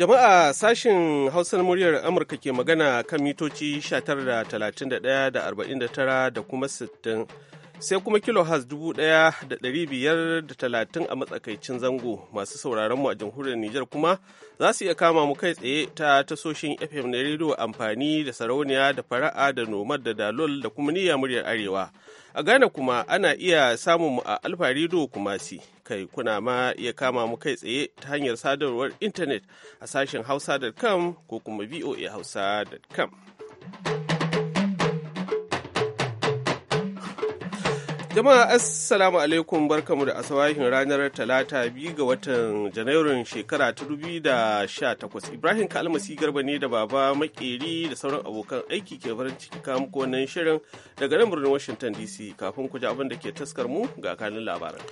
Jama'a sashin Hausar muryar Amurka ke magana kan mitoci 19.31 da 49 da kuma 60 sai kuma kilohaz 1,530 a matsakaicin zango masu sauraronmu a jamhuriyar Nijar kuma za su iya kama mu kai tsaye ta tasoshin FM na rediyo amfani da sarauniya da fara'a da nomad da dalol da kuma niyya muryar Arewa. A Ghana kuma ana iya samun mu a Alfa kuma Kumasi, kai kuna ma iya kama mu kai tsaye ta hanyar sadarwar intanet a sashen hausa.com ko kuma VOA Hausa.com. Jama'a Assalamu alaikum barkamu da asawahin ranar talata biyu ga watan Janairun shekara ta dubi da sha takwas. Ibrahim Kalmasi Garba ne da Baba Makeri da sauran abokan aiki ke farin ciki kamu muku wannan shirin daga nan birnin Washington DC kafin ku ji abin da ke taskar mu ga kanin labaran.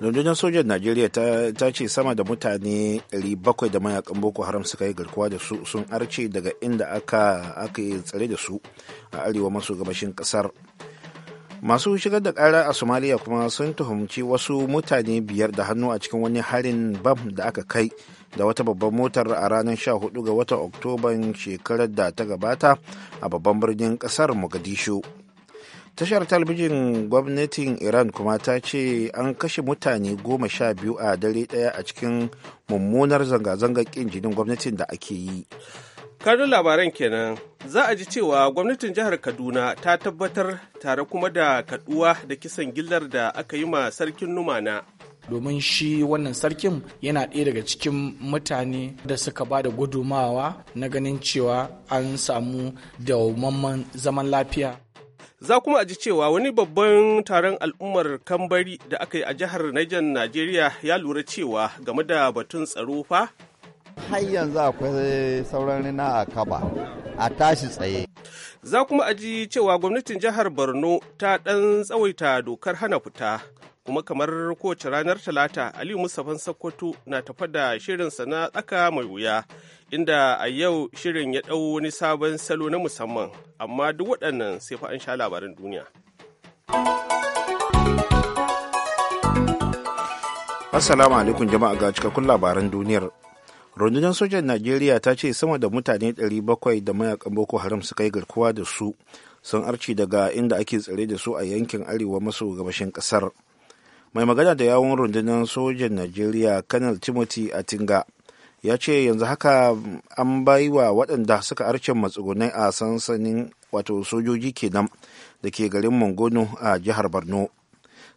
Rundunar sojan Najeriya ta ce sama da mutane 700 da mayakan Boko Haram suka yi garkuwa da su sun arce daga inda aka yi tsare da su a arewa maso gabashin kasar. masu shigar da kara a somalia kuma sun tuhumci wasu mutane biyar da hannu a cikin wani harin bam da aka kai da wata babban motar a ranar 14 ga watan oktoban shekarar da ta gabata a babban birnin kasar mogadishu tashar talabijin gwamnatin iran kuma ta ce an kashe mutane goma sha biyu a dare daya a cikin mummunar zanga-zangar kin jinin gwamnatin da ake yi Karin labaran kenan za a ji cewa gwamnatin jihar Kaduna ta tabbatar tare kuma da kaduwa da kisan gillar da aka yi ma sarkin Numana. domin shi wannan sarkin yana ɗaya daga cikin mutane da suka ba da gudumawa na ganin cewa an samu dawamamman zaman lafiya. Za kuma a ji cewa wani babban taron al'ummar kambari da aka yi a jihar Niger Najeriya ya lura cewa game da batun tsaro fa har yanzu akwai sauran rina a kaba a tashi tsaye. Za kuma aji cewa gwamnatin jihar Borno ta ɗan tsawaita dokar hana fita kuma kamar kowace ranar talata aliyu mustapha sokoto na tafa da shirinsa na tsaka mai wuya inda a yau shirin ya ɗau wani sabon salo na musamman amma duk waɗannan sai fa an sha labaran duniya assalamu alaikum jama'a ga cikakkun labaran duniyar rundunar sojan najeriya ta ce sama da mutane 700 da mayakan boko haram suka yi garkuwa da su sun arci daga inda ake tsare da su a yankin arewa maso gabashin kasar mai magana da yawon rundunar sojan najeriya kanal timothy atinga ya ce yanzu haka an bai wa waɗanda suka arce matsugunai a sansanin wato sojoji kenan da ke garin mangono a jihar borno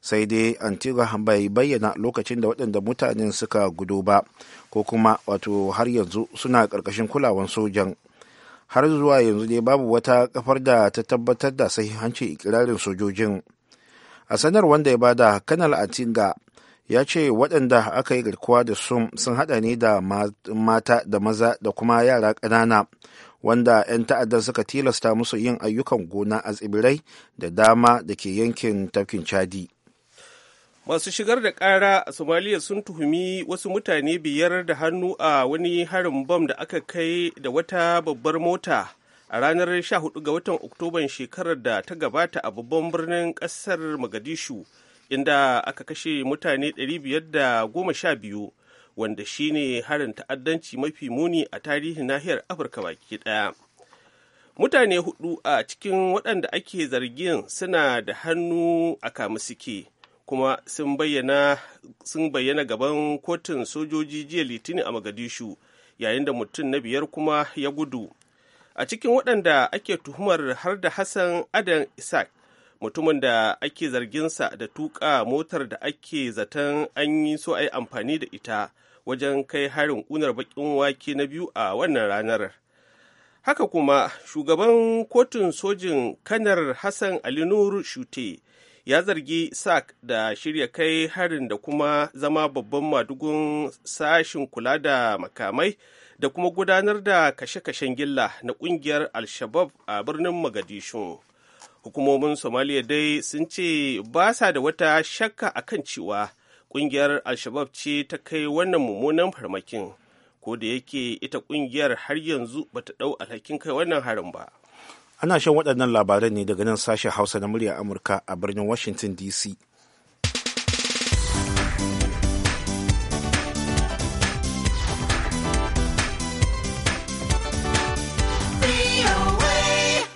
sai dai antigua bai bayyana lokacin da waɗanda mutanen suka gudu ba ko kuma wato har yanzu suna ƙarƙashin kulawan sojan har zuwa yanzu dai babu wata kafar da ta tabbatar da sahihanci ikirarin sojojin a sanar wanda ya bada kanal antigua ya ce waɗanda aka yi garkuwa da sun sun haɗa ne da mata da maza da kuma yara ƙanana wanda 'yan ta'addar suka tilasta musu yin ayyukan gona a tsibirai da dama da ke yankin tafkin chadi masu shigar da kara, a somaliya sun tuhumi wasu mutane biyar da hannu a wani harin bom da aka kai da wata babbar mota a ranar 14 ga watan oktoban shekarar da ta gabata a babban birnin Kasar Magadishu, inda aka kashe mutane 512 wanda shine harin ta'addanci mafi muni a tarihin nahiyar afirka baki ɗaya mutane hudu a cikin waɗanda ake zargin suna da hannu a kama suke kuma sun bayyana gaban kotun sojoji jiya litinin a Magadishu yayin da mutum na biyar kuma ya gudu. A cikin waɗanda ake tuhumar har da Hassan Adan Isaac mutumin da ake zarginsa da tuka motar da ake zaton an yi so a yi amfani da ita wajen kai harin ƙunar baƙin wake na biyu a wannan ranar. Haka kuma shugaban kotun sojin kanar Hassan Ali Nur Shute ya zargi sac da shirya kai harin da kuma zama babban madugun sashin kula da makamai da kuma gudanar da kashe-kashen gilla na kungiyar al-shabab a birnin magadishu hukumomin somaliya dai sun ce ba sa da wata shakka a kan cewa kungiyar al-shabab ce ta kai wannan mummunan farmakin ko da yake ita kungiyar har yanzu ba ta dau alhakin kai wannan harin ba ana shan waɗannan labaran ne daga nan sashen hausa na murya amurka a birnin washington dc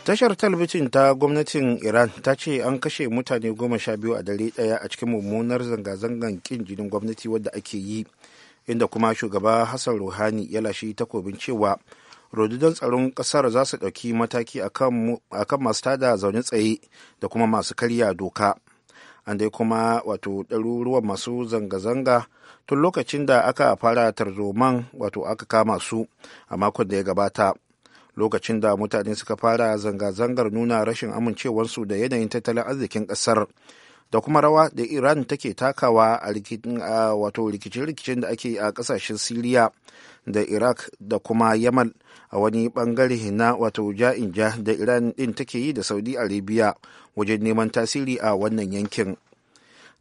tashar talabijin ta gwamnatin iran ta ce an kashe mutane goma sha biyu a dare daya a cikin mummunar zanga-zangan kin jinin gwamnati wadda ake yi inda kuma shugaba hassan ruhani ya lashe takobin cewa rodidan tsaron kasar za su ɗauki mataki akan masu tada zaune tsaye da kuma masu karya doka an dai kuma wato ɗaruruwan masu zanga-zanga tun lokacin da aka fara tarzoman wato aka kama su a makon da ya gabata lokacin da mutane suka fara zanga-zangar nuna rashin amincewarsu da yanayin tattalin arzikin ƙasar da kuma rawa da iran take takawa a rikicin rikicin da ake a kasashen siriya da iraq da kuma yamal a wani bangare na wato ja da iran din take yi da saudi arabia wajen neman tasiri a wannan yankin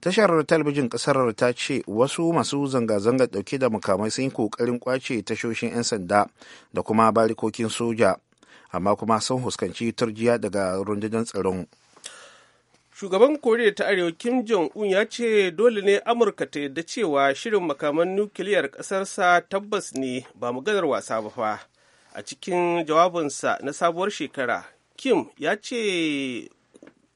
tashar talabijin kasar ta ce wasu masu zanga-zanga dauke da mukamai sun yi kokarin kwace tashoshin 'yan sanda da kuma barikokin soja amma kuma sun huskanci turjiya daga rundunar tsaron shugaban koriya ta arewa kim jong-un ya ce dole ne amurka ta yadda cewa shirin makaman nukiliyar ƙasarsa tabbas ne ba maganar wasa ba fa a cikin jawabinsa na sabuwar shekara kim ya ce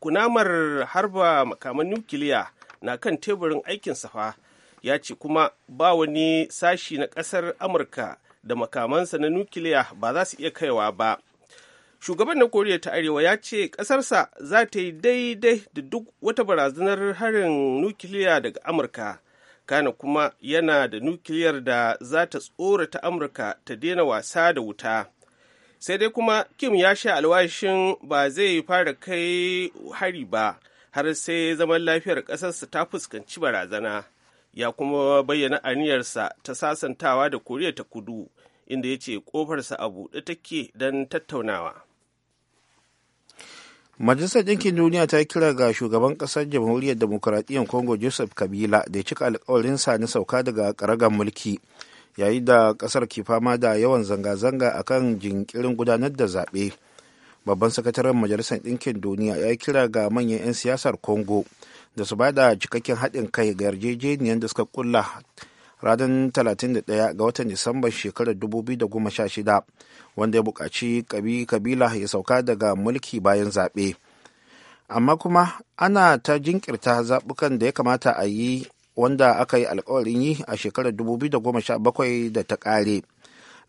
kunamar harba makaman nukiliya na kan teburin aikin safa ya ce kuma ba wani sashi na ƙasar amurka da makamansa na nukiliya ba za su iya kaiwa ba shugaban na koriya ta arewa ya ce ƙasarsa za ta yi daidai da duk wata barazanar harin nukiliya daga amurka kana kuma yana da nukiliyar da za ta tsora ta amurka ta daina wasa da wuta sai dai kuma kim ya sha alwashin ba zai fara kai hari ba har sai zaman lafiyar ƙasarsa ta fuskanci barazana ya kuma bayyana aniyarsa ta sasantawa da koriya ta kudu inda ya ce ƙofarsa a buɗe take don tattaunawa majalisar ɗinkin duniya ta kira ga shugaban ƙasar jamhuriyar demokuraɗiyyar congo joseph kabila da ya cika sa na sauka daga karagar mulki yayin da ƙasar ke fama da yawan zanga-zanga a kan jinkirin gudanar da zaɓe babban sakataren majalisar ɗinkin duniya ya kira ga manyan 'yan siyasar congo da su bada cikakken haɗin kai ga yarjejeniyar da suka kulla ranar 31 ga watan Disamba shekarar 2016 wanda ya buƙaci kabila ya sauka daga mulki bayan zaɓe. Amma kuma ana ta jinkirta zaɓukan da ya kamata a yi wanda aka yi alkawarin yi a shekarar 2017 da ta ƙare.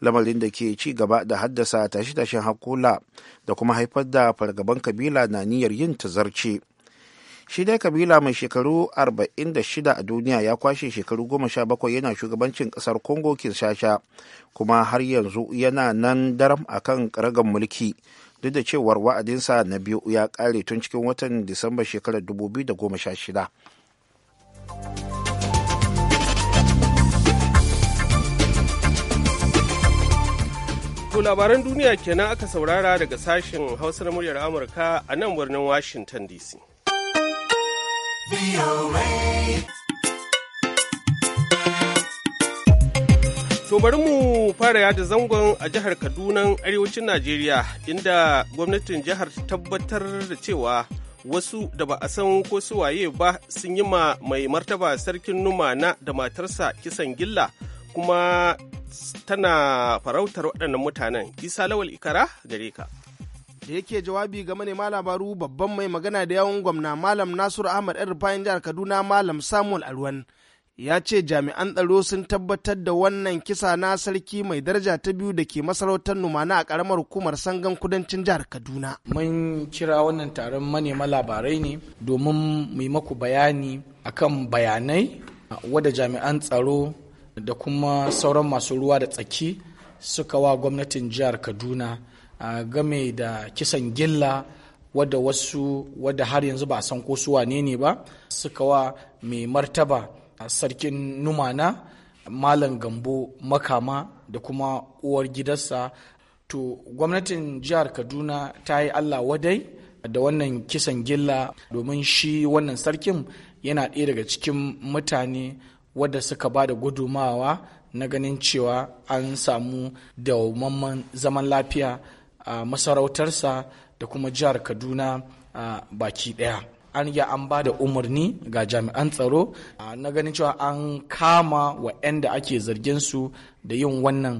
lamarin da ke ci gaba da haddasa tashe-tashen hakula da kuma haifar da fargaban kabila na niyyar yin tazarce. zarce. shi dai kabila mai shekaru 46 a duniya ya kwashe shekaru 17 yana shugabancin kasar congo kinshasa kuma har yanzu yana nan daram a kan karagan mulki duk da cewar wa'adinsa na biyu ya kare tun cikin watan disamba shekarar 2016 To labaran duniya kenan aka saurara daga sashen hausa na muryar Amurka a nan birnin Washington DC. To bari mu fara yada zangon a jihar Kaduna arewacin Najeriya inda gwamnatin jihar tabbatar da cewa wasu da ba a san ko su waye ba sun yi ma mai martaba sarkin numa na da matarsa kisan gilla kuma tana farautar waɗannan mutanen. Isa Lawal Ikara gare ka. da yake jawabi ga manema labaru babban mai magana da yawon gwamna malam nasiru ahmad yan rufayin jihar kaduna malam samuel alwan ya ce jami'an tsaro sun tabbatar da wannan kisa na sarki mai daraja ta biyu da ke masarautar numana a karamar hukumar sangan kudancin jihar kaduna mun kira wannan taron manema labarai ne domin mu maku bayani akan bayanai wadda jami'an tsaro da kuma sauran masu ruwa da tsaki suka wa gwamnatin jihar kaduna a game da kisan gilla wadda wasu wadda har yanzu ba a san ko ne ne ba suka wa mai martaba sarkin numana malam gambo makama da kuma uwar gidansa to gwamnatin jihar kaduna ta yi allah wadai da wannan kisan gilla domin shi wannan sarkin yana ɗaya daga cikin mutane wadda suka ba da gudumawa na ganin cewa an samu dawamamman zaman lafiya a masarautarsa da kuma jihar kaduna baki daya an yi an ba da umarni ga jami'an tsaro na ganin cewa an kama wa da ake zargin su da yin wannan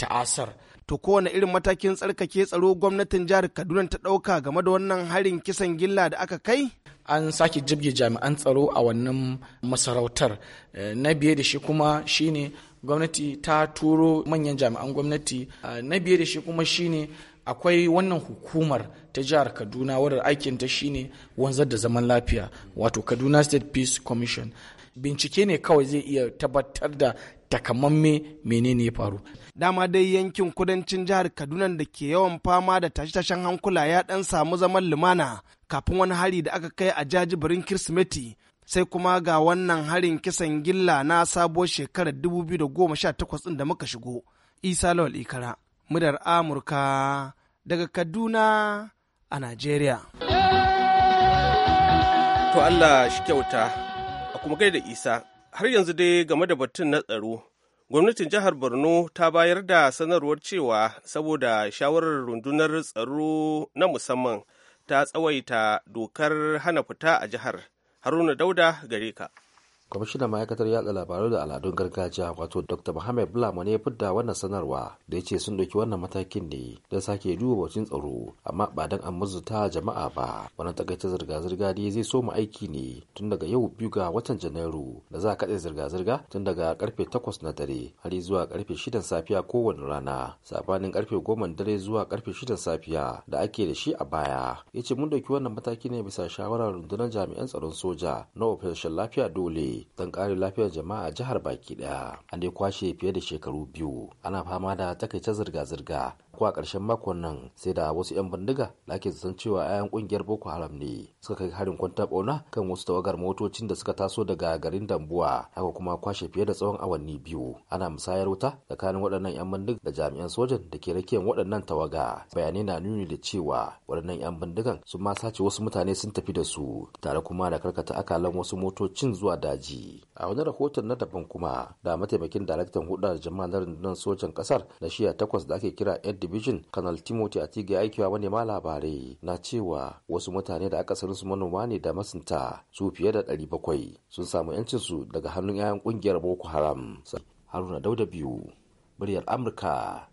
ta'asar to kowane irin matakin tsarkake tsaro gwamnatin jihar kaduna ta ɗauka game da wannan harin kisan gilla da aka kai an sake jibge jami'an tsaro a wannan masarautar eh, na biye da shi kuma shine gwamnati ta turo manyan jami'an gwamnati na biye da shi kuma shine akwai wannan hukumar ta jihar kaduna wadda aikin ta shine wanzar da zaman lafiya wato kaduna state peace commission bincike ne kawai zai iya tabbatar da takamamme menene ya faru dama dai yankin kudancin jihar kaduna da ke yawan fama da tashe-tashen hankula ya dan samu zaman lumana kafin wani hari da aka kai a jajibirin kirsimeti sai kuma ga wannan harin kisan gilla na sabuwar shekarar 2018 ɗin da muka shigo isa lawal ikara mudar amurka daga kaduna a najeriya to allah shi kyauta a kuma gaida isa har yanzu dai game da batun na tsaro gwamnatin jihar borno ta bayar da sanarwar cewa saboda shawarar rundunar tsaro na musamman ta tsawaita dokar hana fita a jihar Haruna Dauda gare ka. kwamishinan ma'aikatar yada labaru da al'adun gargajiya wato dr muhammad bulama ne ya wannan sanarwa da ya ce sun ɗauki wannan matakin ne don sake duba batun tsaro amma ba don an ta jama'a ba wannan takaita zirga-zirga ne zai soma aiki ne tun daga yau biyu ga watan janairu da za a kaɗe zirga-zirga tun daga karfe takwas na dare har zuwa karfe shidan safiya kowane rana sabanin karfe goma dare zuwa karfe shidan safiya da ake da shi a baya ya ce mun ɗauki wannan mataki ne bisa shawarar rundunar jami'an tsaron soja na ofishin lafiya dole Dan don kare lafiyar jama'a a jihar baki daya an dai kwashe fiye da shekaru biyu ana fama da takaita zirga-zirga ko a ƙarshen makon nan sai da wasu 'yan bindiga da ake zaton cewa 'ya'yan ƙungiyar boko haram ne suka kai harin kwanta ɓauna kan wasu tawagar motocin da suka taso daga garin dambuwa haka kuma kwashe fiye da tsawon awanni biyu ana musayar wuta tsakanin waɗannan 'yan bindiga da jami'an sojan da ke rakiyar waɗannan tawaga bayanai na nuni da cewa waɗannan 'yan bindigan sun ma sace wasu mutane sun tafi da su tare kuma da karkata akalan wasu motocin zuwa daji a wani rahoton na daban kuma da mataimakin daraktan hudar jama'a na rundunar sojan kasar na shiya takwas da ake kira air division kanal timothy atiga aikiwa ma labarai na cewa wasu mutane da aka akasarin su manoma ne da masinta su fiye da 700 sun samu yancin su daga hannun 'ya'yan kungiyar boko haram haruna dauda biyu muryar amurka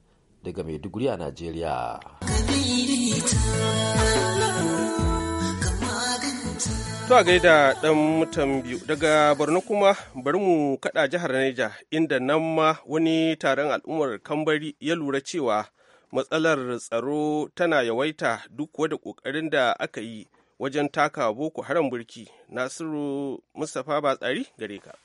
daga maiduguri a najeriya zuwa gaida ɗan mutan biyu daga Borno kuma bari mu kaɗa jihar Neja inda nan ma wani taron al'ummar Kambari ya lura cewa matsalar tsaro tana yawaita duk wada ƙoƙarin da aka yi wajen taka boko haram burki. Nasiru Mustapha Batsari gare ka.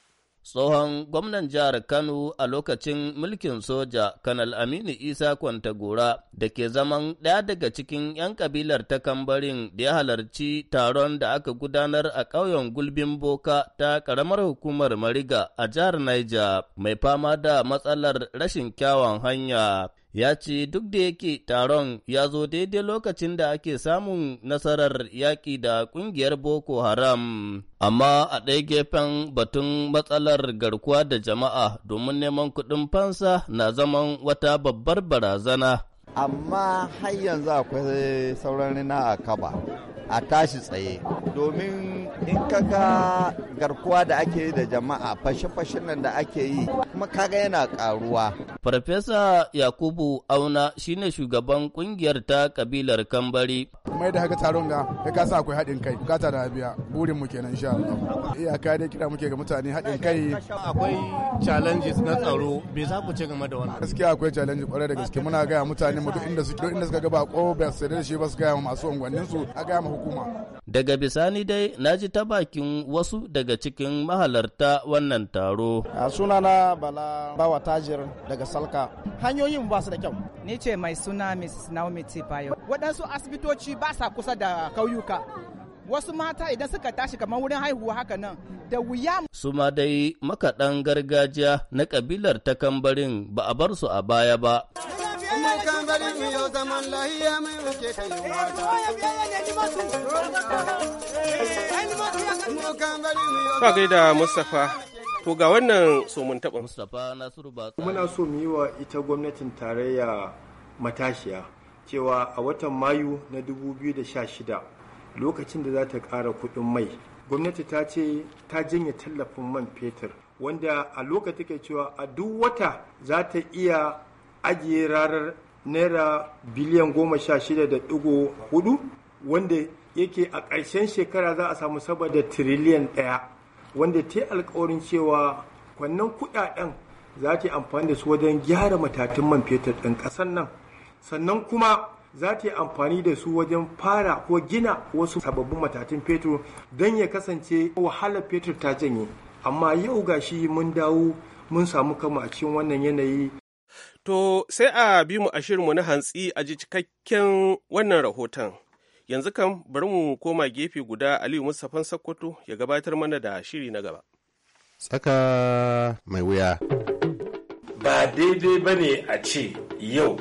tsohon gwamnan jihar Kano a lokacin mulkin soja, Kanal Aminu Isa Kwantagora, da ke zaman ɗaya daga cikin 'yan kabilar ta kambarin da ya halarci taron da aka gudanar a ƙauyen Gulbin Boka ta ƙaramar hukumar Mariga a jihar Niger, mai fama da matsalar rashin kyawun hanya. ya ce duk da yake taron ya zo daidai lokacin da ake samun nasarar yaƙi da ƙungiyar Boko Haram, amma a ɗaya gefen batun matsalar garkuwa da jama'a domin neman kuɗin fansa na zaman wata babbar barazana. Amma har yanzu akwai sauran rina a kaba. a tashi tsaye domin in ga garkuwa da ake yi da jama'a fashe-fashen nan da ake yi kuma kaga yana karuwa. Farfesa Yakubu Auna shine shugaban kungiyar ta kabilar Kambari. Mai da haka taron ga ya kasa akwai haɗin kai bukata da biya burin mu kenan insha Allah. Iyaka dai kira muke ga mutane haɗin kai. Akwai challenges na tsaro bai za ku ce game da wannan. Gaskiya akwai challenge kwarai da gaske muna gaya mutane mu duk inda suke inda suka ga ba ko ba su da shi ba su gaya masu unguwannin su a gaya ma hukuma. Daga bisani dai na ji ta bakin wasu daga cikin mahalarta wannan taro. A sunana Bala Bawa Tajir daga Salka. Hanyoyin ba su da kyau. Ni ce mai suna Mrs. Naomi Tipayo. Waɗansu asibitoci ba sa kusa da kauyuka. wasu mata idan suka tashi kamar wurin haihuwa haka nan da wuya su ma dai makaɗan gargajiya na kabilar ta kambarin ba a bar su a baya ba Ka da Mustapha to ga wannan somun taɓa. Mustapha Nasiru ba Muna so mu yi wa ita gwamnatin tarayya matashiya cewa a watan Mayu na 2016 lokacin da za ta ƙara kuɗin mai gwamnati ta ce ta janye tallafin man fetur wanda a lokacin ke cewa a duk wata za ta iya ajiye ranar naira biliyan goma sha shida da ɗigo hudu wanda yake a ƙarshen shekara za a samu saboda tiriliyan ɗaya wanda ta alkawarin cewa kwannan kuɗaɗen za ta yi amfani da su wajen gyara matatun man fetur ɗin ƙasar nan sannan kuma za ta yi amfani da su wajen fara ko gina wasu sababbin matatun fetur don ya kasance wahalar fetur ta janye amma yau gashi mun dawo mun samu kama a cikin wannan yanayi to sai a bi mu a shirinmu na hantsi a ji cikakken wannan rahoton yanzu kan bari mu koma gefe guda aliyu mustapha sakkwato ya gabatar mana da shiri na gaba tsaka mai wuya ba daidai ba ne a ce yau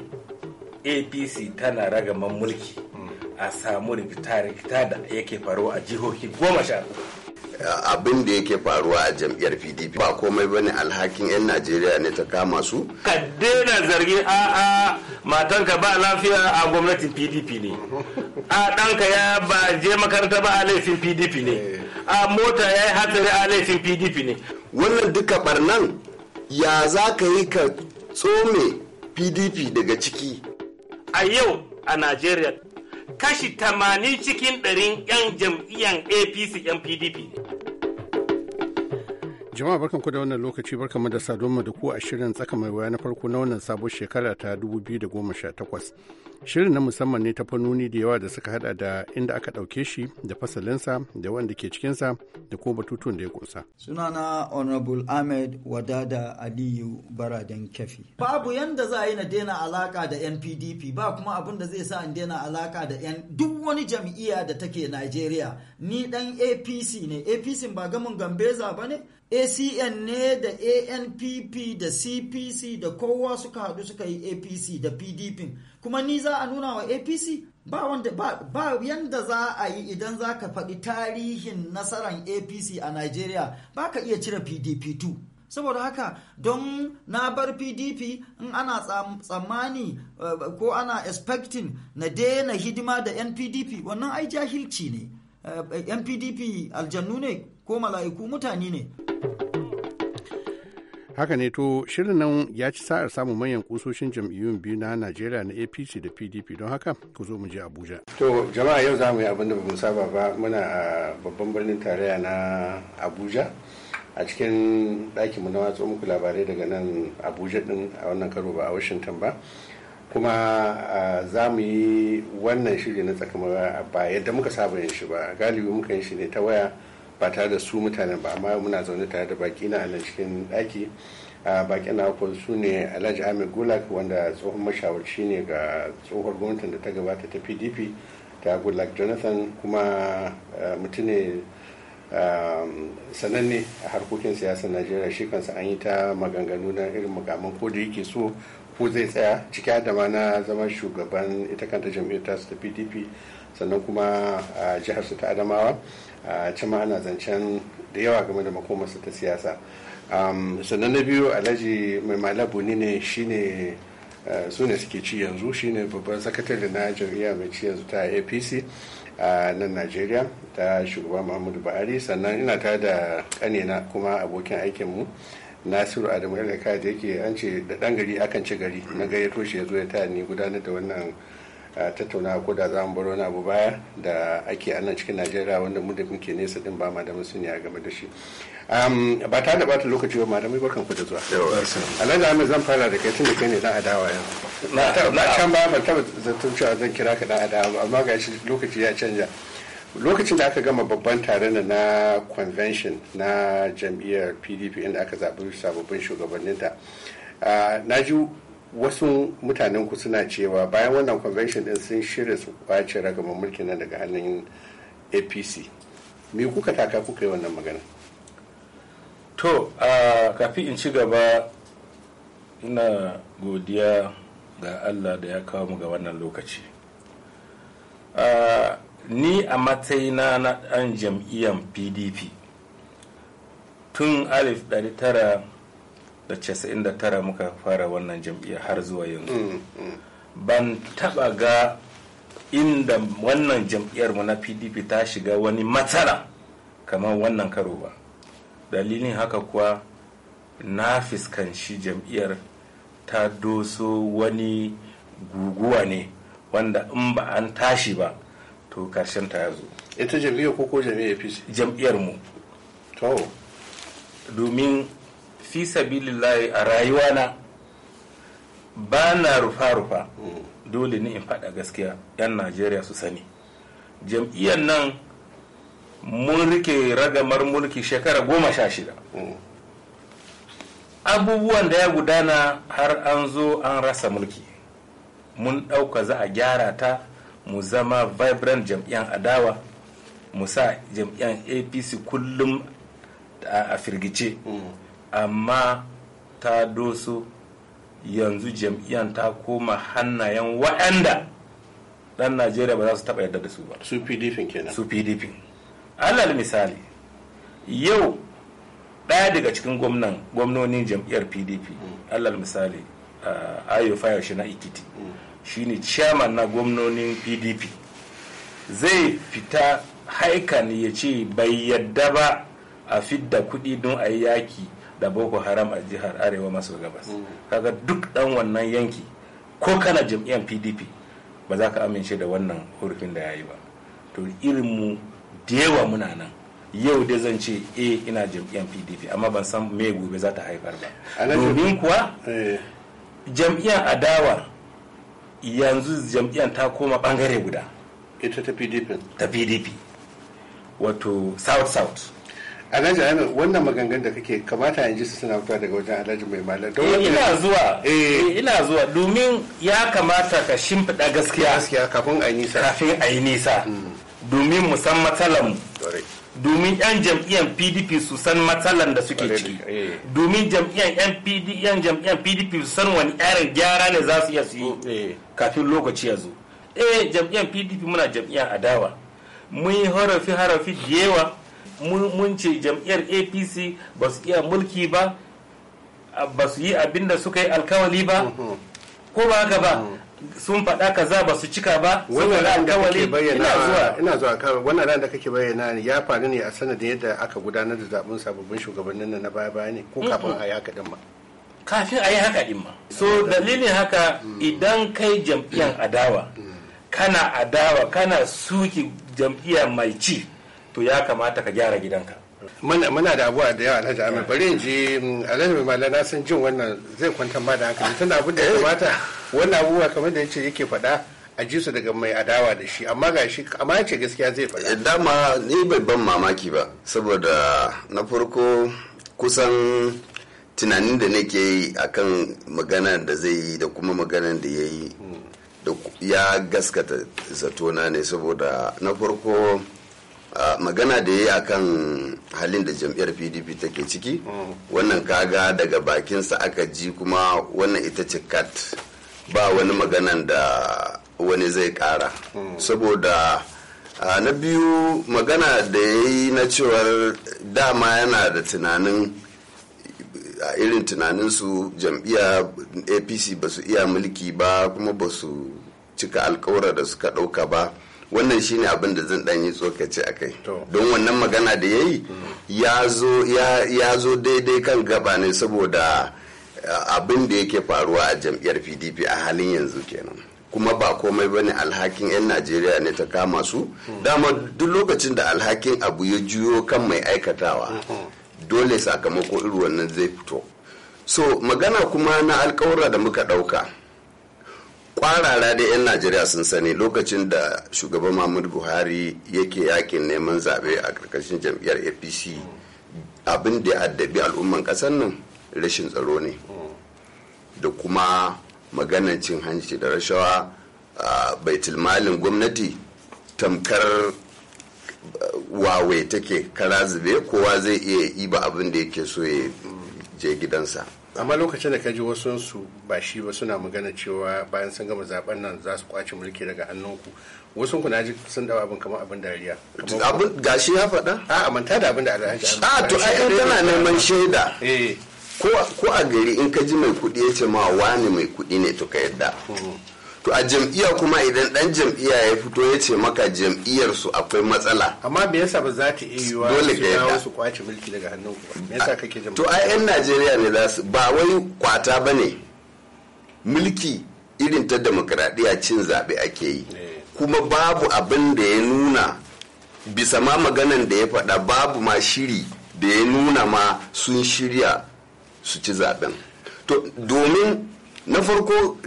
apc tana ragaman mulki a samu rikita-rikita da yake faruwa a jihohi goma sha abin da yake faruwa a jam'iyyar pdp ba komai bane alhakin 'yan najeriya ne ta kama su ka daina zargin a'a matanka ba lafiya a gwamnatin pdp ne a ɗanka ya ba je makaranta ba a laifin pdp ne eh. a mota ya yi hatsari a laifin pdp ne wannan duka barnan ya za ka yi ka tsome pdp daga ciki a yau a Najeriya kashi 80 cikin 100 'yan jam'iyyar APC 'yan PDP ne. Jama'a barkan ku da wannan lokaci barkan mu da saduwar mu da ku a shirin tsaka mai waya na farko na wannan sabon shekara ta 2018. Shirin na musamman ne ta fannoni da yawa da suka hada da inda aka dauke shi da fasalinsa da wanda ke cikinsa da ko batutun da ya kusa. Sunana Honorable Ahmed Wadada Aliyu Baraden Kefi. Babu yanda za a yi na daina alaka da NPDP ba kuma abin da zai sa in daina alaka da yan duk wani jam'iyya da take Najeriya. Ni dan APC ne. APC ba gamin Gambeza ba ne? acn ne da anpp da cpc da kowa suka haɗu suka yi apc da pdp kuma ni za a nuna wa apc ba wanda ba, yanda za a yi idan za ka faɗi tarihin nasaran apc a nigeria ba ka iya cire pdp 2 saboda haka don na bar pdp in ana tsammani eh, ko ana expecting na daina hidima da npdp wannan ai jahilci ne eh, npdp aljannu ne ko mala'iku mutane ne haka ne to shirin nan ya ci sa'ar samun manyan kusoshin jam'iyyun biyu na najeriya na apc da pdp don haka ku zo mu je abuja to jama'a yau za mu yi abin da mu saba ba muna a babban birnin tarayya na abuja a cikin ɗakin mu na watsa muku labarai daga nan abuja din a wannan karo ba a washington ba kuma za mu yi wannan shiri na tsakamawa ba yadda muka saba yin shi ba galibi muka yi shi ne ta waya ba tare da su mutanen ba amma muna zaune tare da baki na nan cikin ɗaki bakin na su ne alhaji ahmed gulak wanda tsohon mashawarci ne ga tsohon gwamnatin da ta gabata ta pdp ta gulak jonathan kuma mutum sananne a harkokin siyasar najeriya shi kansa an yi ta maganganu na irin mukamin ko da yake so ko zai tsaya ciki da ma na zama shugaban ita kanta jam'iyyar tasu ta pdp sannan kuma a jihar su ta adamawa a ci ana zancen da yawa game da makomarsa ta siyasa sannan na biyu alhaji mai malabu ne shine eh, su ne suke ci yanzu shine babban sakatare na jam'iyya mai ci yanzu ta apc a nan najeriya ta shugaba muhammadu buhari sannan ina ta da kanina kuma abokin aikinmu nasiru adamu da yake an ce da dan gari akan ci gari na gayyato shi ya zo ya ta ni gudanar da wannan tattauna ko da za mu bar wani abu baya da ake a nan cikin najeriya wanda mu da muke nesa din ba malamin sun ya game da shi ba ta da bata lokaci ba malamai ibarkan ku da zuwa alhaji ahmed zan fara da kai tun da kai ne dan adawa yanzu na can ba ban taba zaton cewa zan kira ka dan adawa ba amma ga shi lokaci ya canja lokacin da aka gama babban tare na convention na jam'iyyar pdp inda aka zaɓi sababbin shugabanninta na ji wasu mutanen ku suna cewa bayan wannan convention din sun shirya su kwace ragamar mulki na daga hannun apc me kuka taka kuka yi wannan magana to a kafin in ci gaba ina godiya ga allah da ya kawo mu ga wannan lokaci ni a matsayina na ɗan jam'iyyar pdp tun alif 1900 da 99 muka fara wannan jam'iyyar har zuwa yanzu mm, mm. ban taba ga inda wannan jam'iyyar mu na pdp ta shiga wani matsala kamar wannan karo ba dalilin haka kuwa na fiskanci jam'iyyar ta doso wani guguwa ne wanda in ba an tashi ba to karshen ta zo ita jam'iyyar ko ko jam'iyyar jam'iyyar mu to domin fi sabilillahi a rayuwana ba na rufa-rufa hmm. dole ne in faɗa gaskiya 'yan najeriya su sani jam'iyyar nan mun rike ragamar mulki shekara goma sha shida hmm. abubuwan da ya gudana har an zo an rasa mulki mun ɗauka za a gyara ta mu zama vibrant jam'iyyar adawa mu sa jam'iyyar apc kullum a firgice hmm. amma ta doso yanzu jam'iyyar ta koma hannayen waɗanda ɗan najeriya ba za su taɓa yadda da su ba su pdp kenan su pdp alal misali yau ɗaya daga cikin gwamnan gwamnonin jam'iyyar pdp alal misali ah, ayo shi na ikiti shine chairman na gwamnonin pdp zai fita haikan ya ce bai yadda ba a fidda kuɗi don a yi yaki da boko haram a jihar arewa maso gabas mm. kaga duk dan wannan yanki ko kana jam'iyyar pdp ba za ka amince da wannan hurufin da ya yi ba to irinmu da yawa muna nan yau dai zan ce eh ina jam'iyyar pdp amma ban san me gobe za ta haifar ba domin kuwa eh. jam'iyyar adawa yanzu jam'iyyar ta koma bangare guda ita ta pdp ta pdp wato south south alhaji ana wannan magangan da kake kamata yanzu su suna fita daga wajen alhaji mai malar da eh, wani ina zuwa eh. Eh, ina zuwa domin ya kamata ka shimfiɗa gaskiya gaskiya kafin a nisa kafin a yi nisa hmm. domin mu san matsalan domin yan jam'iyyar pdp su san matsalan da suke ciki domin jam'iyyar pdp su san wani yaran gyara ne za su iya su yi hmm. kafin lokaci ya zo eh jam'iyyar pdp muna jam'iyyar adawa mun yi harafi harafi da yawa mun ce jam'iyyar apc ba su iya mulki ba ba su yi abin da suka yi alkawali ba mhm. ko ba haka ba mhm. sun faɗa kaza ba su cika ba wannan ran da kake bayyana ina zuwa Wani wannan ran da kake bayyana ya faru ne a sanadin yadda aka gudanar da zaben sababbin shugabannin na baya baya ne ko kafin mhm. a yaka din ma kafin a yi haka din ma so dalilin haka mm. idan kai jam'iyyar mm. adawa mm. kana adawa kana suki jam'iyya mai ci to ya kamata ka gyara gidanka muna da abuwa da yawa alhaji amir bari in ji mm, alhaji mai na san jin wannan zai kwantar ma da hankali Tana abin da ya eh. kamata wannan abubuwa kamar da yace yake faɗa a ji su daga mai adawa da shi amma ga shi amma yace gaskiya zai faɗa eh, dama ni bai ban mamaki ba saboda na farko kusan tunanin da nake yi akan magana da zai yi da kuma maganan da ya yi mm. ya gaskata zatona ne saboda na farko magana da ya yi akan halin da jam'iyyar pdp take ciki wannan kaga daga bakinsa aka ji kuma wannan ita ce kat ba wani maganan da wani zai kara saboda na biyu magana da ya yi na cewar dama yana da tunanin a irin tunanin su jam'iyya apc ba su iya mulki ba kuma ba su cika alkawura da suka ɗauka ba wannan shine abin da zan yi tsokaci a kai don wannan magana da ya yi mm. ya zo daidai kan gaba ne saboda eh, abin da yake faruwa a jam'iyyar pdp a halin yanzu kenan kuma ba komai bane alhakin 'yan najeriya ne ta kama su mm. dama duk lokacin da alhakin abu ya juyo kan mai aikatawa dole sakamako irin wannan zai fito so magana kuma na alkawura da muka ɗauka kwarara da 'yan najeriya sun sani lokacin da shugaban muhammadu buhari yake yakin neman zaɓe a ƙarƙashin jam'iyyar apc abin da ya addabi al'umman ƙasar nan rashin tsaro ne da kuma maganan cin hanci da rashawa a baitulmalin gwamnati tamkar wawai take kara zube kowa zai iya iba abin da yake so ya je gidansa amma lokacin da ka ji wasu su ba shi ba suna magana cewa bayan sun gama zaben nan za su kwace mulki daga hannunku wasu ku ji sun dawa abin kamar abin dariya abin gashi ya faɗa a amanta da abin da alhaji ah, a to ai in tana neman shaida eh. ko a gari in ka ji mai kuɗi ya ce ma wani mai kuɗi ne to ka yadda hmm. to a jam'iyya kuma idan dan jam'iyya ya fito ya ce maka jam'iyyar su akwai matsala amma me yasa ba za ta iya yiwa dole ka yadda su kwace mulki daga hannun ku me yasa kake jam'iyya to ai yan Najeriya ne za su ba wai kwata bane mulki irin ta demokradiya cin zabe ake yi eh. kuma babu abin da ya nuna bisa ma maganan da ya faɗa babu ma shiri da ya nuna ma sun shirya su ci zaben to domin na farko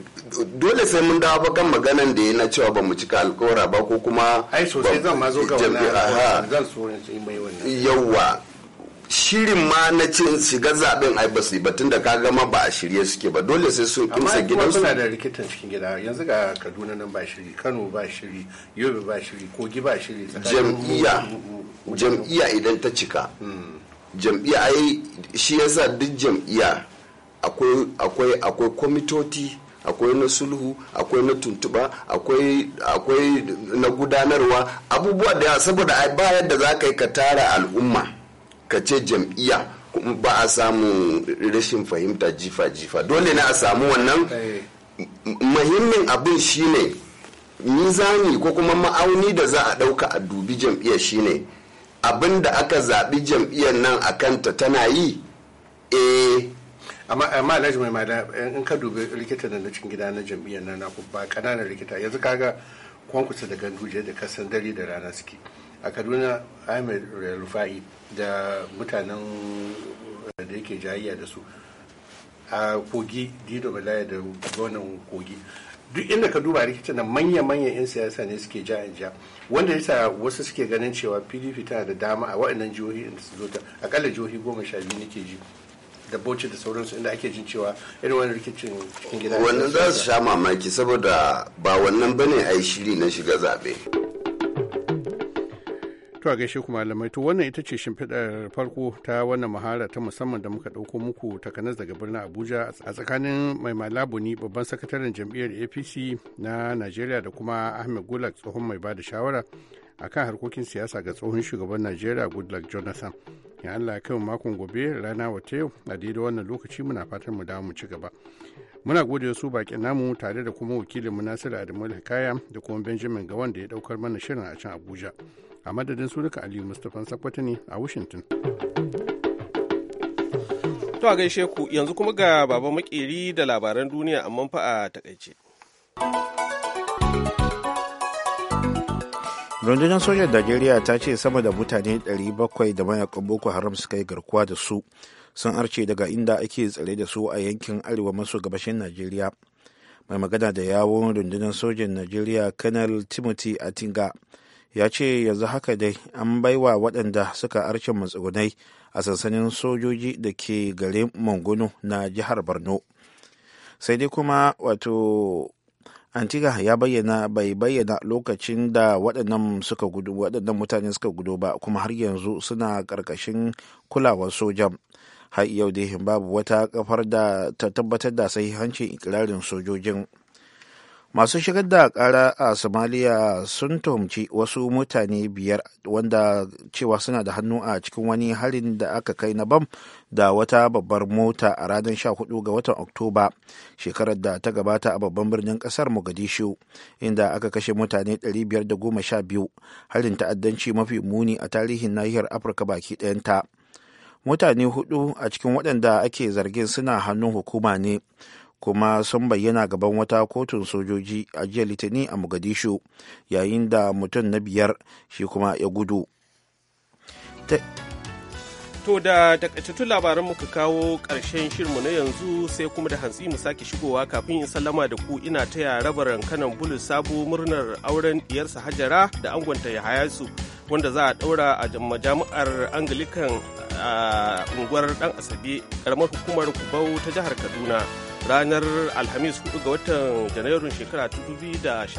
dole sai mun dawo kan maganan da ya na cewa ba mu cika alkawara ba ko kuma ai sosai zan ma zo ga wannan zan so mai wannan yawa shirin ma na cin shiga zaben ai ba su yi batun da kaga ma ba a shirye suke ba dole sai sun kimsa gidan su. Amma da rikitan cikin gida yanzu ga Kaduna nan ba shiri Kano ba shiri Yobe ba shiri Kogi ba shiri. Jam'iyya jam'iyya idan ta cika. Hmm. Jam'iyya ai shi yasa duk jam'iyya akwai akwai akwai kwamitoti akwai na sulhu akwai na tuntuba akwai na gudanarwa abubuwa da saboda ba yadda za ka yi ka tara al'umma ka ce jam'iyya ba a samu rashin fahimta jifa-jifa dole ne a samu wannan eh. mahimmin abin shine mizani ko kuma ma'auni da za a ɗauka a dubi shi shine abin da aka zaɓi jam'iyyar nan a kanta tana yi eh amma alhaji mai mada in ka dubi likita da na cikin gida na jam'iyyar na ba kananan likita yanzu kaga kwankusa da ganduje da kasan dare da rana suke a kaduna ahmed rufai da mutanen eh, da yake jayayya da su a kogi dido balaya da gonan kogi duk inda ka duba rikicin da manya-manyan 'yan siyasa ne suke ja in ja wanda yasa wasu suke ganin cewa pdp tana da dama a waɗannan jihohi da su zo ta akalla jihohi goma sha biyu nake ji da bauchi da sauransu inda ake jin cewa irin wani rikicin cikin gida wannan za su sha mamaki saboda ba wannan ba bane ai shiri na shiga zaɓe. to a gaishe kuma malamai to wannan ita ce shimfiɗar farko ta wannan mahara ta musamman da muka ɗauko muku takanas daga birnin abuja a tsakanin mai malabuni babban sakataren jam'iyyar apc na najeriya da kuma ahmed gulak tsohon mai ba da shawara akan harkokin siyasa ga tsohon shugaban najeriya goodluck jonathan ya Allah kai makon gobe rana wata yau a daidai wannan lokaci muna fatan mu dawo mu ci gaba muna gode su bakin namu tare da kuma wakilin mu Nasiru Adamu Hikaya da kuma Benjamin ga wanda ya daukar mana shirin a can Abuja a madadin su duka Aliyu Mustapha Sakwata ne a Washington To a gaishe ku yanzu kuma ga baba makeri da labaran duniya amma fa a takaice. rundunar sojan najeriya ta ce sama da mutane 700 da mayakan boko haram suka yi garkuwa da su sun arce daga inda ake tsare da su a yankin arewa maso gabashin najeriya mai magana da yawon rundunar sojan najeriya kanal timothy atinga ya ce yanzu haka dai an baiwa waɗanda suka arce matsugunai a sansanin sojoji da ke garin mangono na jihar borno sai dai kuma wato antigua ya bayyana bai bayyana lokacin da waɗannan suka gudu waɗannan mutane suka gudu ba kuma har yanzu suna ƙarƙashin kulawar sojan har yau dai babu wata kafar da ta tabbatar da sahihancin ikirarin sojojin masu shigar da kara a somalia sun tuhumci wasu mutane biyar wanda cewa suna da hannu a cikin wani harin da aka kai na bam da wata babbar mota a ranar 14 ga watan oktoba shekarar da ta gabata a babban birnin kasar mogadishu inda aka kashe mutane 512 harin ta'addanci mafi muni a tarihin nahiyar afirka baki ɗayanta mutane hudu a cikin waɗanda ake zargin suna hannun hukuma ne kuma sun bayyana gaban wata kotun sojoji a jiya litinin a mogadishu yayin da mutum na biyar shi kuma ya gudu to da takaitattun labaran muka kawo ƙarshen shirmu na yanzu sai kuma da hantsi mu sake shigowa kafin in sallama da ku ina taya raba kanan bulu sabo murnar auren diyarsa hajara da angonta ya su wanda za a daura a majami'ar anglican a unguwar dan asabe karamar hukumar kubau ta jihar kaduna ranar alhamis 4 ga watan janairun shekara 2018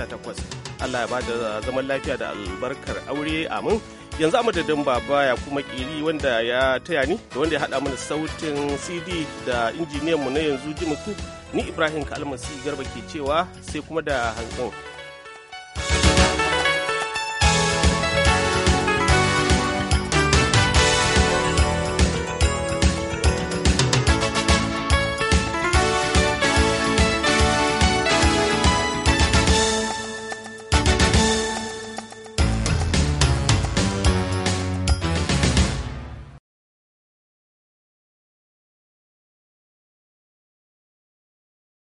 allah ya ba da zaman lafiya da albarkar aure amin yanzu a madadin baba ya kuma kiri wanda ya taya ni da wanda ya haɗa mana sautin cd da injiniyanmu na yanzu jimutu ni ibrahim kalmasi garba ke cewa sai kuma da hankali.